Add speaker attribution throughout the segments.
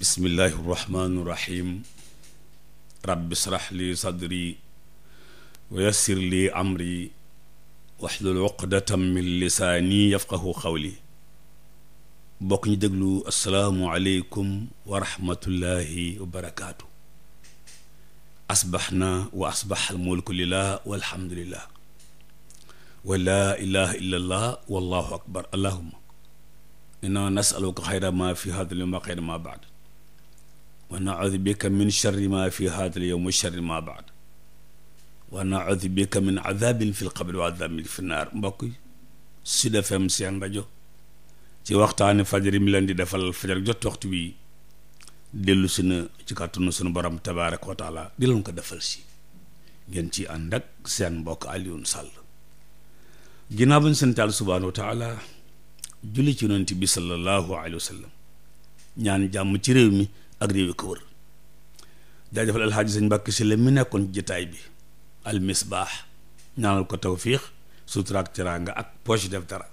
Speaker 1: bismillahi rahmaani rahim rabbi shrah li sadri wa yassir li amri waxlul uqdatan min lisaani yafqahu qawli bokk ñu déglu asalaamu aleykum wa rahmatullahi wa barakaatu asbaxna wa asbax almulku lillah walhamdulillah wa laa ilaha illa allah wallahu akbar allahuma inna nasaluka xayra ma fi hada lyowm wa xayra ma baad wa naudu bika min charri ma fi haada al yowm wa charri ma baad wa naudu bika min adabin fi lqabri wa adabin fi naar mbokk Sud FM seen rajo ci waxtaani fajar mi leen di defal fajar jot waxtu bi dellu si na ci kàttanu sunu borom tabaaraka wa taala di leen ko defal si ngeen ci ànd ak seen mbokk Alioune Sall ginnaaw bañ sant Yàlla subhaanahu wa taala julli ci yonent bi sallallahu alayhi wa ñaan jàmm ci réew mi ak réew yi ko wër jaajëfal alxaaji sëñ Mbàkke si la mi nekkoon ci jataay bi al misbaax ñaanal ko tawfiix sutura ak teraanga ak poche def dara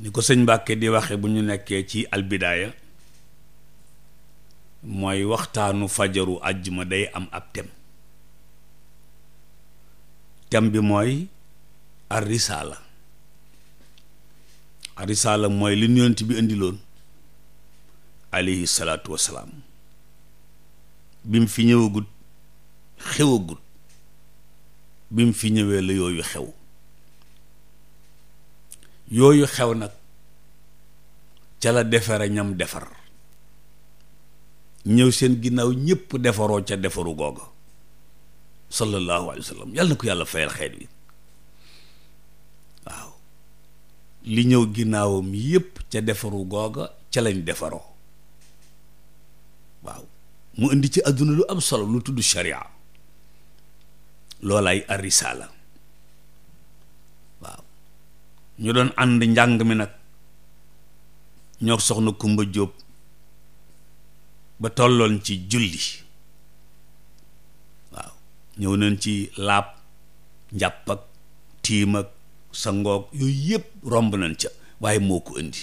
Speaker 1: ni ko sëñ Mbàkke di waxe bu ñu nekkee ci albidaaya mooy waxtaanu fajaru àjjuma day am ab tem tem bi mooy ar risaala mooy li yonent bi indiloon aleyhi salaatu wassalaam bi mu fi ñëwagut xewagut bi mu fi ñëwee la yooyu xew yooyu xew nag ca la defare ñam defar ñëw seen ginnaaw ñépp defaroo ca defaru googa sallallahu alayhi wa sallam yàlla na ko yàlla fayal xeet wi waaw li ñëw ginnaawam yépp ca defaru googa ca lañ defaroo waaw mu indi ci àdduna lu am solo lu tudd sharia loolaay arisala waaw ñu doon ànd njàng mi nag ñoo soxna Kumba Jóob ba tolloon ci julli waaw ñëw nañ ci laab njàpp ak tiim ak sangoog yooyu yépp romb nañ ca waaye moo ko indi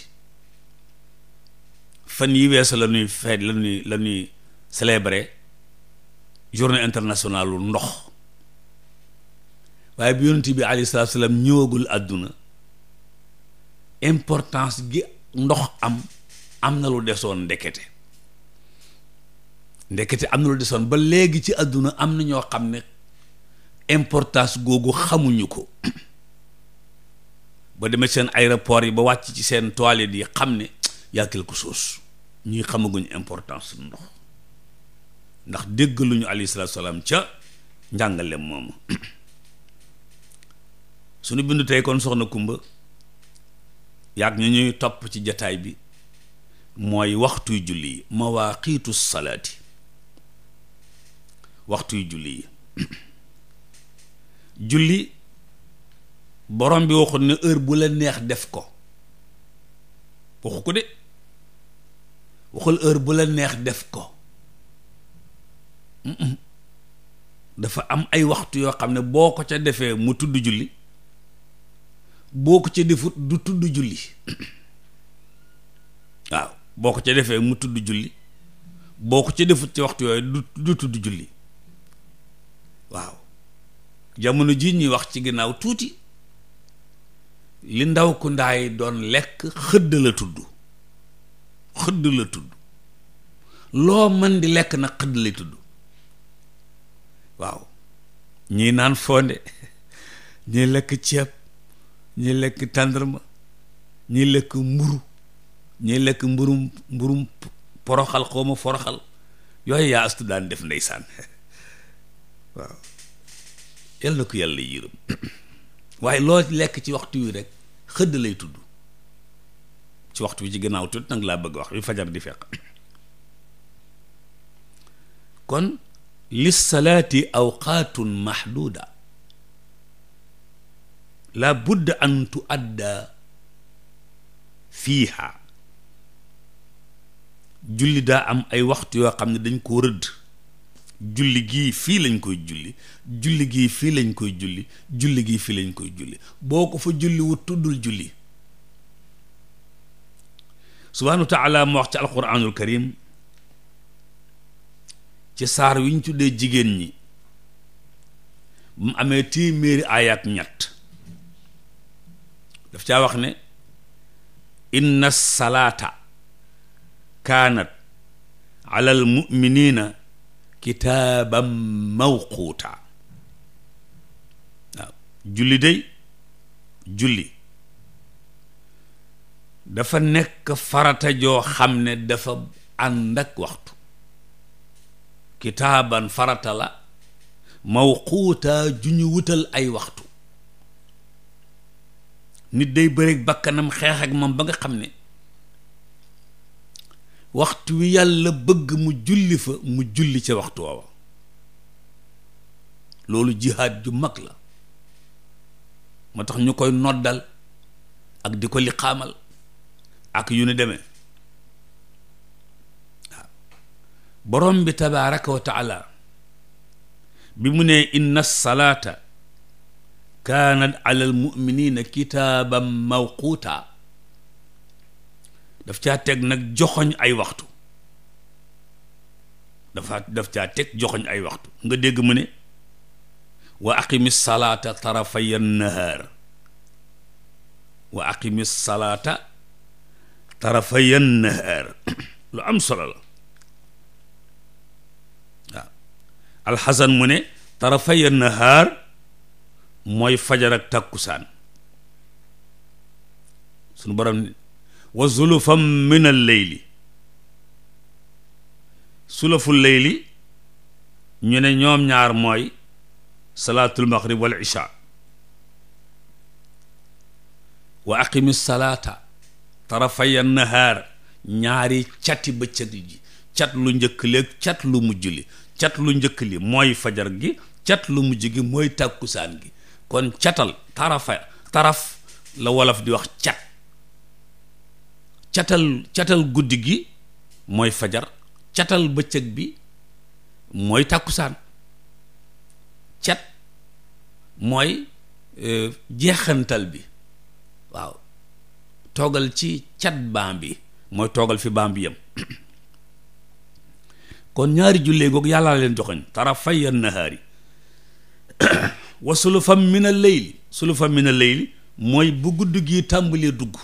Speaker 1: fan yi weesu la ñuy feet la ñuy la ñuy célébrer journée internationale lu ndox waaye bi yonent bi alayhi salaatu salaam ñëwagul àdduna importance gi ndox am am na lu desoon ndekete ndekete am na lu desoon ba léegi ci àdduna am na ñoo xam ne importance googu xamuñu ko ba demee seen aéroport yi ba wàcc ci seen toilette yi xam ne yaa ko soos ñuy xamaguñu importance ndox ndax déggaluñu alayhi salaatu salaam ca njàngale moomu suñu bindu tey kon soxna kumba yàgg ñu ñuy topp ci jataay bi mooy waxtuy julli yi mawaaqiitu salaati waxtuy julli yi julli borom bi waxut ne heure bu la neex def ko waxu ko de waxul heure bu la neex def ko dafa am ay waxtu yoo xam ne boo ko ca defee mu tudd julli boo ko ca defut du tudd julli waaw boo ko ca defee mu tudd julli boo ko ca defut ci waxtu yooyu du tudd julli waaw jamono jii ñuy wax ci ginnaaw tuuti li ndaw ku ndaay doon lekk xëdd la tudd xëdd la tudd loo mën di lekk nag xëdd lay tudd waaw ñii naan fonde ñuy lekk ceeb ñuy lekk tàndarma ñii lekk mburu ñuy lekk mburum mburum poroxal xawma foroxal yooyu yaa astu daan def ndeysaan waaw yal na ko yàlla yërëm waaye loo lekk ci waxtu wi rek xëdd lay tudd ci waxtu wi ci gannaaw tuut nag laa bëgg wax bi fajar di fekk kon lis salaati awqaatun mahduuda la budda an tu adda fiiha julli daa am ay waxtu yoo xam ne dañ koo rëdd julli gii fii lañ koy julli julli gii fii lañ koy julli julli gii fii lañ koy julli boo ko fa julli wut tuddul julli subhaanahu wa taala mu wax ci alquranul karim ci saar wi ñu tuddee jigéen ñi mu amee téeméeri aayaat ñett daf caa wax ne inna salaata kaanat alal muminina kitaaban mawquuta waaw julli day julli dafa nekk farata joo xam ne dafa ànd ak waxtu kitaaban farata la mawquuta ju ñu wutal ay waxtu nit day bëreeg bakkanam xeexak ak moom ba nga xam ne waxtu wi yàlla bëgg mu julli fa mu julli ca waxtu woowa loolu jihaad ju mag la moo tax ñu koy noddal ak di ko liqaamal ak yu ni deme waaw borom bi tabaaraka wa bi mu ne inna salaata kaanat ala al muminina kitaaban mawquuta daf caa teg nag joxoñ ay waxtu dafa daf caa teg joxoñ ay waxtu nga dégg mu ne wa aqimi salaata tarafay annahaar wa aqimi salaata tarafay nahaar lu am solo la waaw alxasan mu ne tarafay nahaar mooy fajar ak tàkkusaan suñu borom ne wa zulufam min al leyli sulafu leyli ñu ne ñoom ñaar mooy salaatul maghrib wal isha wa aqimi salaata tarafaya nahaar ñaari cati bëccëg ji cat lu njëkk li ak cat lu mujj li cat lu njëkk li mooy fajar gi cat lu mujj gi mooy tàkkusaan gi kon catal tarafa taraf la wolof di wax cat catal catal guddi gi mooy fajar catal bëccëg bi mooy tàkkusaan cat mooy euh, jeexantal bi waaw toogal ci cat baam bi mooy toogal fi baam bi yam kon ñaari jullee googu yàllaa leen joxoñ tarafay nahaari wa sulufam min al min al layli mooy bu gudd gi tàmbalee dugg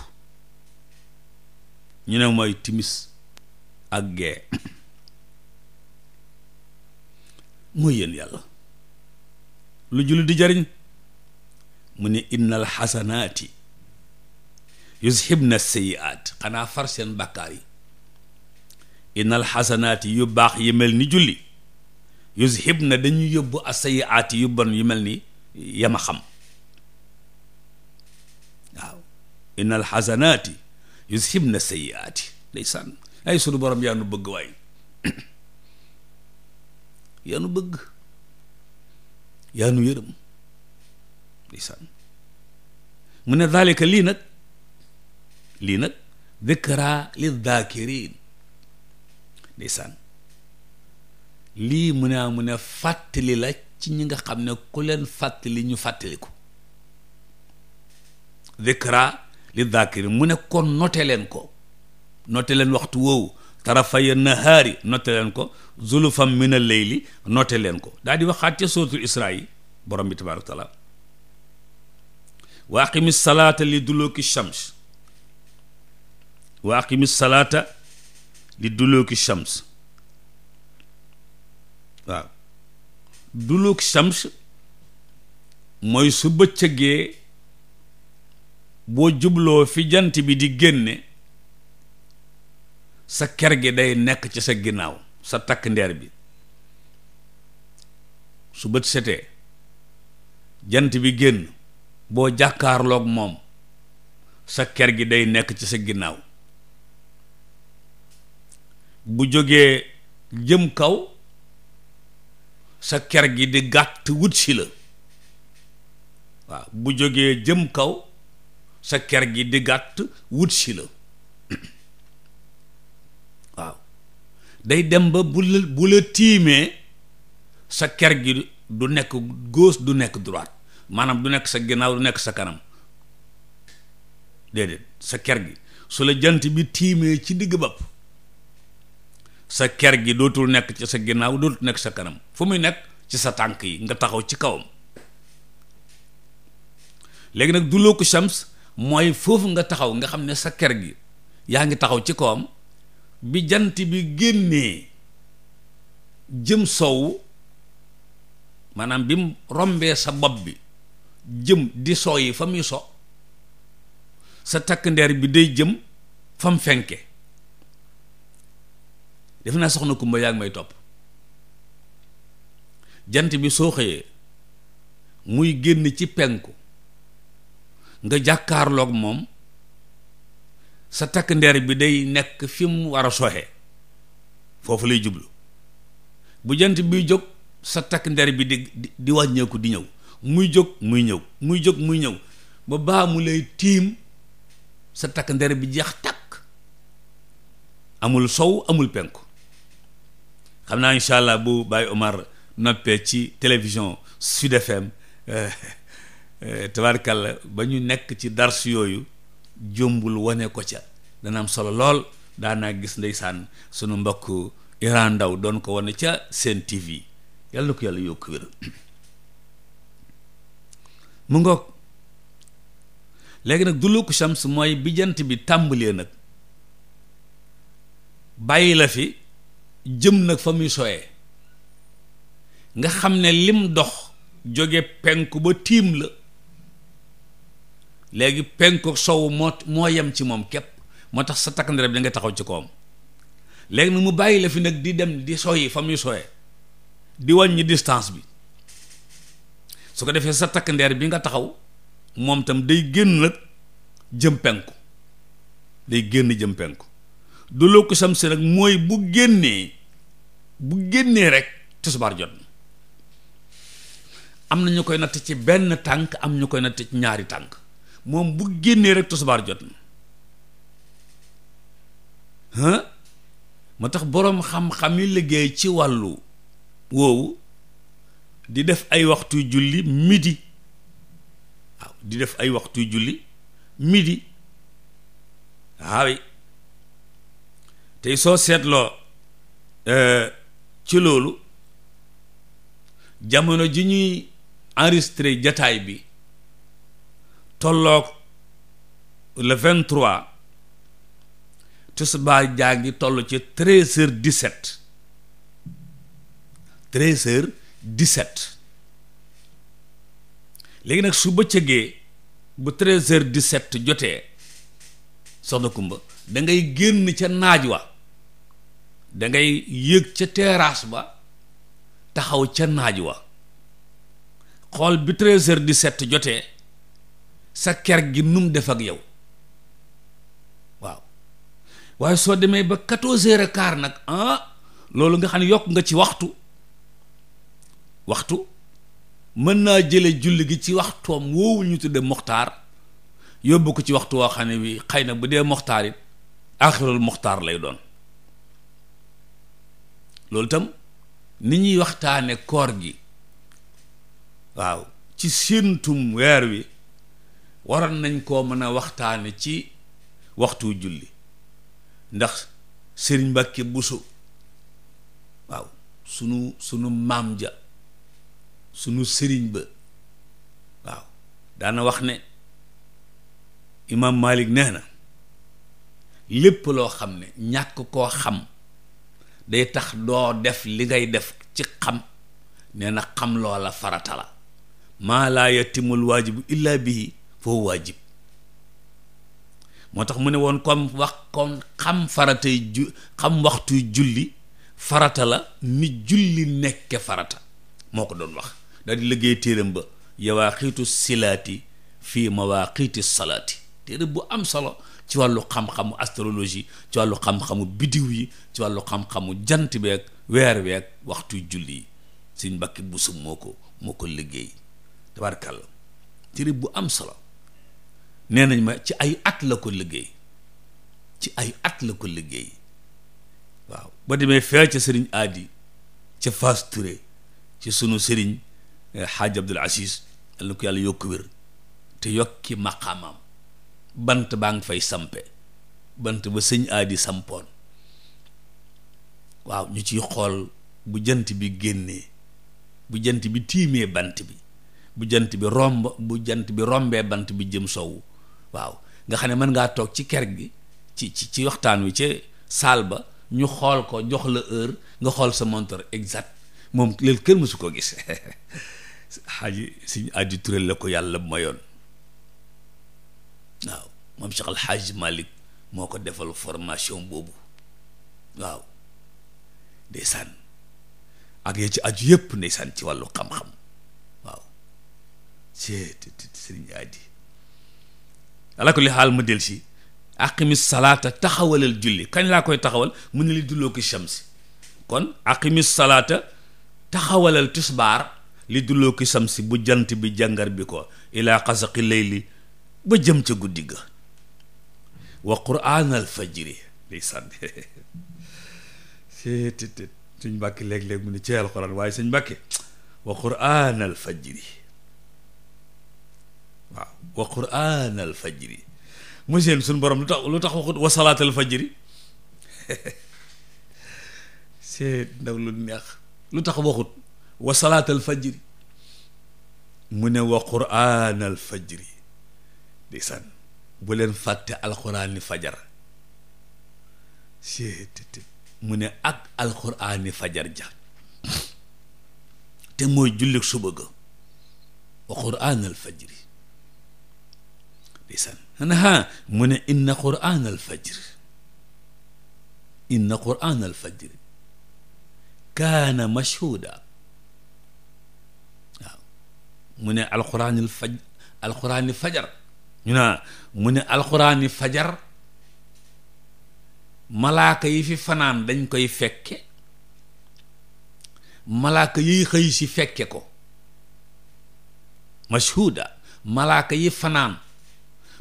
Speaker 1: ñu ne mooy timis ak gee mooy yéen yàlla lu julli di jariñ mu ne innal xasanaati yushibna sayiaat xanaa far seen bàkkaar yi innal xasanaati yu baax yi mel ni julli yushibna dañu yóbbu asayiaat yu bon yu mel ni yama xam waaw yu xasanaati yushibna sayiaati ndeysaan ay sunu borom yaa nu bëgg yaa nu bëgg yaa nu yërëm mu ne daalika lii nag lii nag dikra li daakirin ndeysaan lii mu ne a ah, fàttali la ci ñi nga xam ne ku leen fàttali ñu fàttaliku dikra li daakirin mu ne kon note leen ko note leen waxtu woowu tarafaya nahaari note leen ko zulufam min al leyli note leen ko daal di waxaat ca suratul isra yi borom bi tabaaraka taala wa aqimi salaata li duluki shams wa aqimi salaata di duluki shams waaw duluki shams mooy su bëccëgee boo jubloo fi jant bi di génne sa ker gi day nekk ci sa ginnaaw sa takk ndeer bi su bët jant bi génn boo jàkkaarloog moom sa ker gi day nekk ci sa ginnaaw bu jógee jëm kaw sa ker gi di gàtt wut si la waaw bu jógee jëm kaw sa ker gi di gàtt wut la waaw day dem ba bu la bu la tiimee sa ker gi du nekk gauche du nekk droite maanaam du nekk sa ginnaaw du nekk sa kanam déedéet sa ker gi su la jant bi tiimee ci diggu bapp sa ker gi dootul nekk ci sa ginnaaw dootul nekk sa kanam fu muy nekk ci sa tànk yi nga taxaw ci kawam léegi nag dulloo ko shams mooy foofu nga taxaw nga xam ne sa ker gi yaa ngi taxaw ci kawam bi jant bi génnee jëm soowu maanaam bi mu rombee sa bopp bi jëm di soo yi fa muy so sa takk ndeer bi day jëm fa mu fenke def naa soxna kumba yaa ngi may topp jant bi soo xëyee muy génn ci penku nga jàkkaarlook moom sa takk ndeer bi day nekk fi mu war a soxe foofu lay jublu bu jant biy jóg sa takk ndeer bi di di wàññeeku di ñëw muy jóg muy ñëw muy jóg muy ñëw ba baa mu lay tiim sa takk ndeer bi jeex takk amul sow amul penku xam naa incha allah bu Baye Omar noppee ci télévision Sud FM eh, eh, tabarkalla ba ñu nekk ci dars yooyu jombul wane ko ca dana am solo lool daanaa gis ndeysaan sunu mbokk Iran Ndaw doon ko wane ca seen TV yàlla na ko yàlla yokk wér mu ngoog léegi nag duluku shams mooy bi jant bi tàmbalee nag bàyyi la fi jëm nag fa muy soyee nga xam ne lim dox jóge penku ba tiim la léegi penku sow moo moo yem ci moom képp moo tax sa takk ndereb da nga taxaw ci kawam léegi nag mu bàyyi la fi nag di dem di soyi fa muy soyee di wàññi distance bi su ko defee sa takk ndeer bi nga taxaw moom tam day génn nag jëm penku day génn jëm penku du loo ko sam nag mooy bu génnee bu génnee rek tisbaar jot na am na ñu koy natt ci benn tànk am ñu koy natt ci ñaari tànk moom bu génnee rek tisbaar jot na huh moo tax boroom xam-xam yi liggéey ci wàllu woowu di def ay waxtuy di def ay waxtuy julli midi waaw tey soo seetloo euh, ci loolu jamono ji ñuy enregistré jataay bi tolloog le 23 tisbaar jaa ngi toll ci treize heures dix-sept treize heures léegi nag su bëccëgee bu treize heures dix-sept jotee soxna Kumba da ngay génn ca naaj wa dangay yéeg ca terrasse ba taxaw ca naaj wa xool bi treize di set jotee sa ker gi num def ak yow waaw waaye soo demee ba quatorze heures et nag ah loolu nga xam ne yokk nga ci waxtu waxtu mën naa jële julli gi ci waxtoom woowu ñu tudde moxtaar yóbbu ko ci waxtu woo xam ne wi xëy na bu dee moxtaar it aaxirul moxtaar lay doon loolu itam ni ñuy waxtaane koor gi waaw ci séentum weer wi waroon nañ koo mën a waxtaane ci waxtu julli ndax sëriñ Mbàkke Buso waaw sunu sunu maam ja sunu sëriñ ba waaw daana wax ne imaam Malik nee na lépp loo xam ne ñàkk koo xam day tax doo def li ngay def ci xam nee na xam loola farata la maa laa yatimul waajibu bi bihi foofu waajib moo tax mu ne woon comme wax comme xam faratay ju xam waxtu julli farata la ni julli nekke farata moo ko doon wax daal di liggéey téeram ba yawaaxiitu silaati fii mawaaqiiti salaati téere bu am solo ci wàllu xam-xamu astrologie ci wàllu xam-xamu bidiw yi ci wàllu xam-xamu jant beeg weer weeg waxtu julli yi suñ mbakki busum moo ko moo ko liggéey tabarkàlla téere bu am solo nee nañ ma ci ay at la ko liggéey ci ay at la ko liggéey waaw ba demee fee ca sëriñ aadi ca Fass Touré ci sunu sëriñ eh, xaaj Abdul Asis yal na ko yàlla yokku wér te yokki maqaamam bant baa ngi fay sampe bant ba sëñ aadi sampoon waaw ñu ci xool bu jant bi génnee bu jant bi tiimee bant bi bu jant bi romb bu jant bi rombee bant bi jëm sowu waaw nga xam ne mën ngaa toog ci ker gi ci ci ci waxtaan wi ci saal ba ñu xool ko jox la heure nga xool sa montre exact moom léegi kër mësu ko gis xaaji suñu aadi Touré la ko yàlla mayoon waaw moom Cheikh Al Hadj moo ko defal formation boobu waaw ndeysaan ak ya ci aju yépp ndeysaan ci wàllu xam-xam waaw ci sëriñ aji ala kulli xaal ma del si aqimi salaata taxawalal julli kañ laa koy taxawal mu ne li dulloo ki shamsi kon aqimi salaata taxawalal tisbaar li dulloo ki shamsi bu jant bi jàngar bi ko ilaa xasaqi layli ba jëm ca guddi ga wa quraan al fajri day sànni suñ bàkki léeg-léeg mu ne ci alxuraan waaye suñ mbàkke wa quraan al fajri waaw wa quraan al fajri mu seen suñ borom lu tax lu tax waxut wa salaat al fajri seet ndaw lu neex lu tax waxut wa salaat al fajri mu ne wa quraan al fajri ndeysaan bu leen fàtte alxuraani fajar seetété mu ne ak alxuraani fajar ja te mooy jullik suba ga wa quraan al fajri ndeysaan anaha mu ne inna quraan al fajri inna quraan al fajri kaana mashhuuda mu ne alxuraani faj alxuraani fajar ñu ne mu ne alxuraani fajar malaaka yi fi fanaan dañ koy fekke malaaka yiy xëy si fekke ko mashhuda malaaka yi fanaan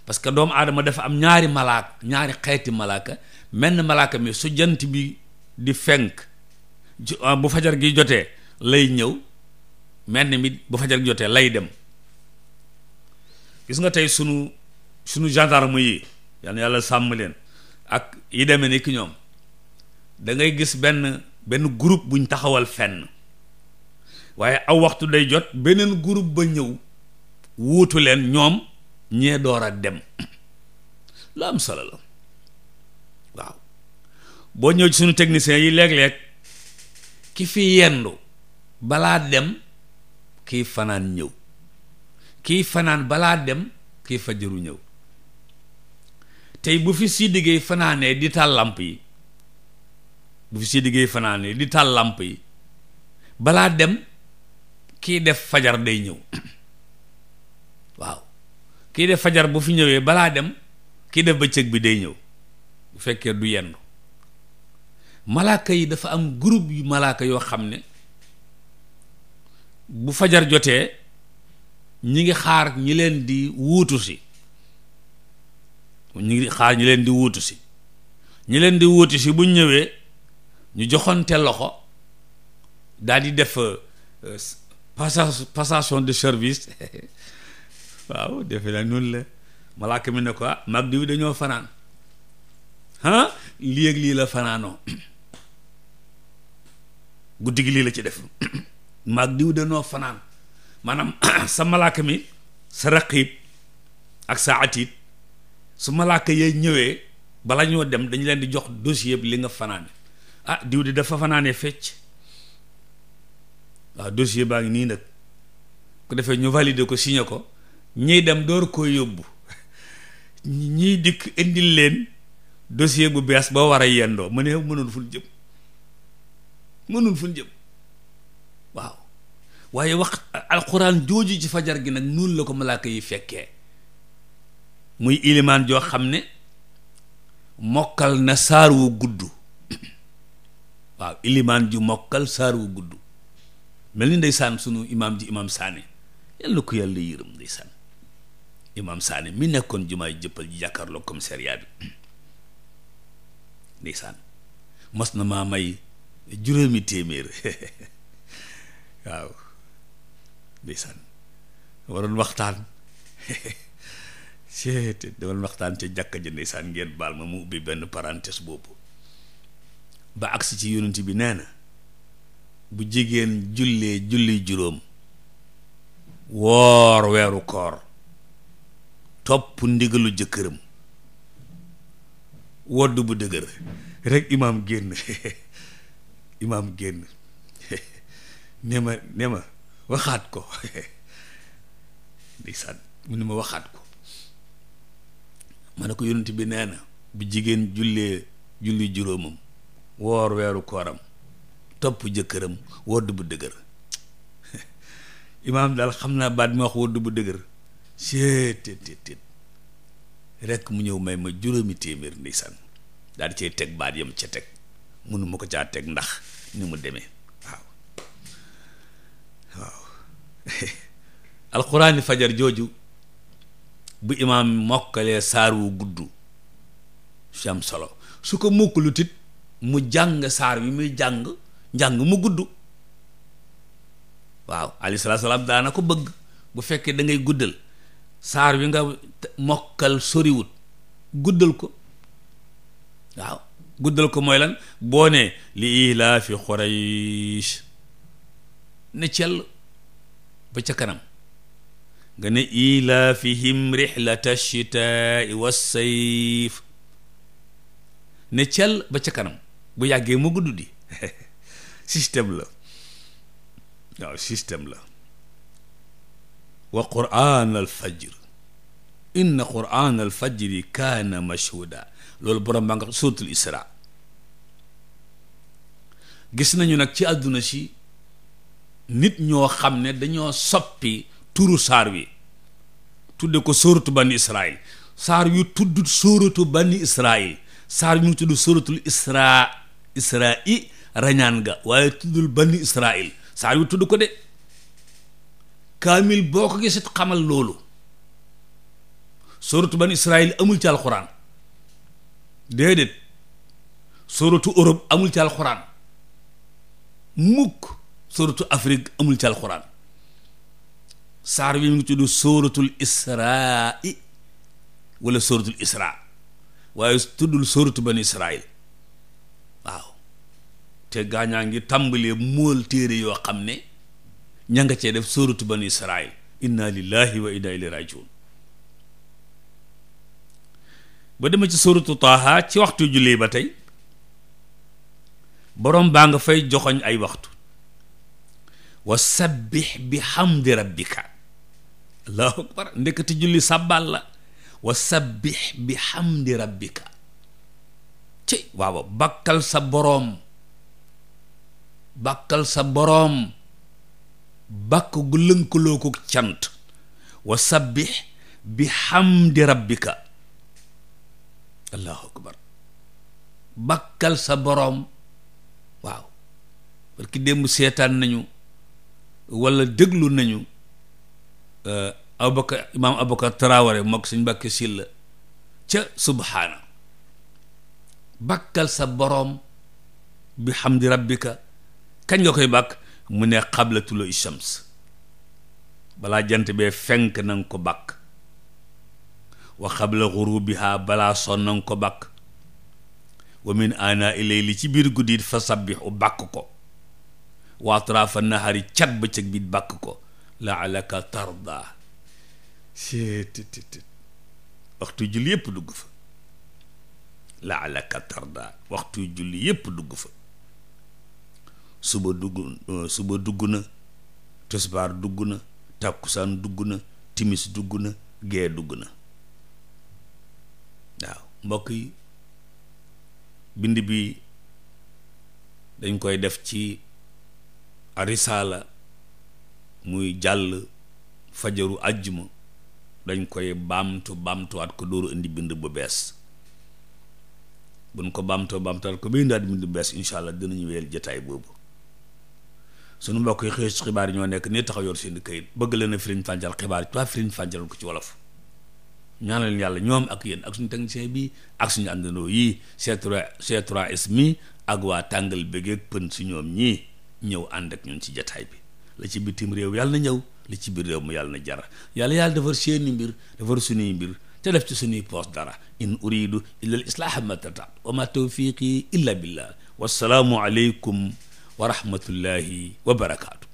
Speaker 1: parce que doomu aadama dafa am ñaari malaak ñaari xeeti malaaka menn malaaka mi su jant bi di fenk ah, bu fajar gi jotee lay ñëw menn mi bu fajar gi jotee lay dem gis nga tey sunu sunu gendarme yi yàlla sàmm leen ak yi demee ni ki ñoom da ngay gis benn benn groupe buñ taxawal fenn waaye aw waxtu day jot beneen groupe ba ñëw wuutu leen ñoom ñee door a dem lu am solo la waaw boo ñëw ci sunu techniciens yi léeg-léeg ki fi yendu balaa dem kii fanaan ñëw kii fanaan balaa dem kii fajaru ñëw tey bu fi Sidy Gueye fanaanee di taal làmp yi bu fi Sidy Gueye fanaanee di taal làmp yi balaa dem kii def fajar day ñëw waaw kii def fajar bu fi ñëwee balaa dem kii def bëccëg bi day ñëw bu fekkee du yendu malaaka yi dafa am groupe yu malaaka yoo xam ne bu fajar jotee ñi ngi xaar ñi leen di wuutu si ñi ngi xaar ñi leen di wuutu si ñi leen di wuutu si buñ ñëwee ñu joxonte loxo daal def euh, passage de service waaw defe la noonu la malaaka ne ko ah, mag diw dañoo fanaan ah lii ak lii la fanaanoo guddi gi lii la ci def mag diw dañoo fanaan maanaam sa malaaka mi sa raqib ak sa atiit su malaaka yee ñëwee bala ñoo dem dañu leen di jox dossier bi li nga fanaane ah diw di dafa fanaane fecc waaw dossier baa ngi nii nag ku defee ñu valider ko signé ko ñiy dem door koo yóbbu ñii dikk indil leen dossier bu bees ba war a yendoo mu ne mënul ful jëm mënul ful jëm waaye wax alxuraan jooju ci fajar gi nag noonu la ko malaaka yi fekkee muy ilimaan joo xam ne mokkal na saar wu gudd waaw ilimaan ju mokkal saar wu gudd mel ni ndeysaan sunu imaam ji imaam saane yàlla ko yàlla yërëm ndeysaan imaam saane mi nekkoon jumaay jëppal ji jàkkaarloo commissariat bi ndeysaan mas na maa may juróomi téeméer waaw ndeysaan dama doon waxtaan seete dama waxtaan ca jàkka ja ndeysaan ngeen baal ma mu ubbi benn parenthèse boobu ba agsi ci yonent bi neena bu jigéen jullee julli juróom woor weeru koor topp ndigalu jëkkëram wodd bu dëgër rek imaam génn imaam génn ne ma ne ma waxaat ko ndeysaan mu ne ma waxaat ko ma ne ko yonent bi nee na bu jigéen jullee julli juróomam woor weeru kooram topp jëkkëram wodd bu dëgër imaam daal xam naa baat mi wax wodd bu dëgër seeteet rekk mu ñëw may ma juróomi téeméer ndeysaan daal di cay teg baat yam ca teg mënu ma ko caa teg ndax ni mu demee waaw alxuraani fajar jooju bu imaam mokkalee saar wu gudd su am solo su ko mokkalu tit mu jàng saar wi muy jàng njàng mu gudd waaw alayhi salaam daana ko bëgg bu fekkee dangay ngay guddal saar wi nga mokkal soriwut guddal ko waaw guddal ko mooy lan boo ne li ilaafi Quraysh ne cell ba ca kanam nga ne ilaafihim rixlata chitaai wassayf ne cell ba ca kanam bu yàggee mu gudd di système la waaw la wa quraan alfajr inna quraan alfajri kaana mashhuda loolu borom baa nga suratul isra gis nañu nag ci àdduna si nit ñoo xam ne dañoo soppi turu saar wi tudde ko sóoratu bani israil saar yu tudd sóoratu bani israil saar yu mu ngi tudd sóoratul isra israil rañaan ga waaye tuddul bani israil saar yu tudd ko de kaamil boo ko gisit xamal loolu sóoratu bani israil amul ci alxuraan déedéet sóoratu Europe amul ci alxuraan mukk sóoratu Afrique amul ci alxuraan saar wi ngi tudd sóoratul Israa'i wala sóoratul Isra waaye tuddul sóoratu bani Israaïl waaw te gaañaa ngi tàmbalee móol téere yoo xam ne ña nga cee def sóoratu bani Israaïl inna lillahi wa inna ilayhi rajiun ba demee ci sóoratu Taaha ci waxtu julli ba tey borom baa nga fay joxoñ ay waxtu wa sabbih bi hamdi rabbika allahu waaw bàkkal sa boroom bàkkal sa boroom bàkk gu lënkaloo ko cant wa sabbih bi hamdi rabbika allahu sa boroom waaw parce que démb seetaan nañu wala déglu nañu euh, Aboubacar imaam Aboubacar Traoré mook suñ Mbàkke Sylla ca subhaana bàkkal sa boroom bi hamdi rabbika kañ nga koy bàkk mu ne xabla tulu shams balaa jant bee fenk na nga ko bàkk wa xabla xurubiha balaa son na nga ko bàkk wa min ana ilayli ci biir guddi it fa sabbihu bàkk ko wa atraafa nahari cat bëccëg bi bàkk ko laalaka tarda waxtu julli yëpp dugg fa laalaka tarda waxtu julli yëpp dugg fa suba dugg euh, suba dugg na tisbaar dugg na tàkkusaan dugg na timis dugg na gee dugg na waaw mbokk bind bi dañ koy def ci a risaala muy jàll fajaru àjjuma dañ koy baamtu baamtuwaat ko dóoru indi bind bu bees buñ ko baamtoo baamtuwaat ko bindaat bind bu bees incha allah dinañu wéyal jataay boobu sunu mbokk yi xëy xibaar yi ñoo nekk nii taxaw yor seen këyit bëgg leen a firiñ fàncal xibaar yi tuwaa firiñ ko ci wolof ñaanal yàlla ñoom ak yéen ak suñu technicien bi ak suñu àndandoo yii C3 C3S mi ak waa tàngal bëggeeg pën si ñoom ñii ñëw ànd ak ñun ci jataay bi la ci bitim réew yàlla na ñëw li ci biir réew mu yàlla na jar yàlla yàlla defar seeni mbir defar suñuy mbir te def ci suñuy poos dara in uridu illa al islaaha ma tata wa ma tawfiqi illa billah wassalaamu aleykum wa rahmatullahi wa barakaatu